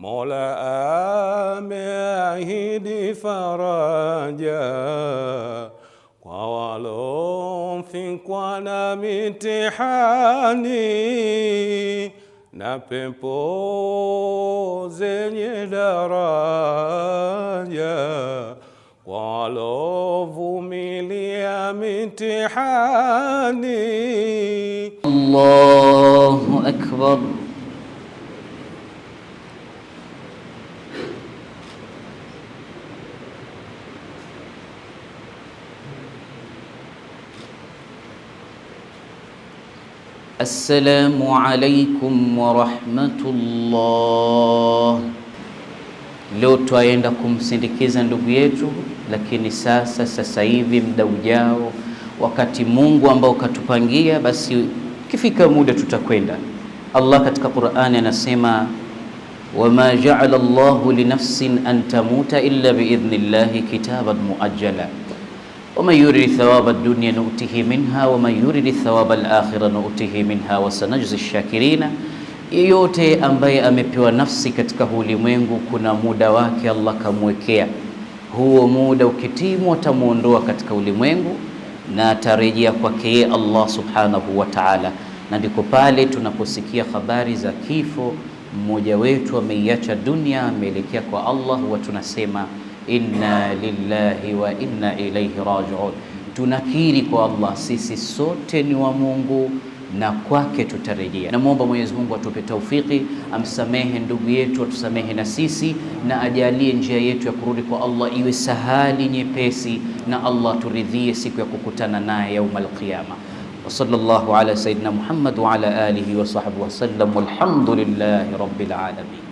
مولا أمي فراجا قوالون في قوانا متحاني نبيبو زيني درانيا قوالو متحاني الله أكبر Assalamu alaikum warahmatullah. Leo twaenda kumsindikiza ndugu yetu, lakini sasa sasa hivi muda ujao, wakati Mungu ambao katupangia, basi kifika muda tutakwenda. Allah katika Qur'ani anasema wama ja'ala Allahu linafsin an tamuta illa biidhnillahi kitaban muajjala waman yuridi thawaba dunya nu'tihi minha waman yuridi thawaba al-akhira nu'tihi minha wasanajzi shakirina, yeyote ambaye amepewa nafsi katika ulimwengu kuna muda wake Allah kamwekea. Huo muda ukitimu, atamwondoa katika ulimwengu na atarejea kwake yeye Allah subhanahu wa ta'ala. Na ndiko pale tunaposikia habari za kifo mmoja wetu ameiacha dunia ameelekea kwa Allah, huwa tunasema inna lillahi wa inna ilaihi rajiun, tunakiri kwa Allah sisi sote ni wa Mungu na kwake tutarejea. Namwomba Mwenyezi Mungu atupe taufiki, amsamehe ndugu yetu, atusamehe na sisi, na ajalie njia yetu ya kurudi kwa Allah iwe sahali nyepesi, na Allah turidhie siku ya kukutana naye yaumul qiyama. Wa sallallahu ala sayyidina Muhammad wa ala alihi wa sahbihi sallam, walhamdulillahi rabbil alamin.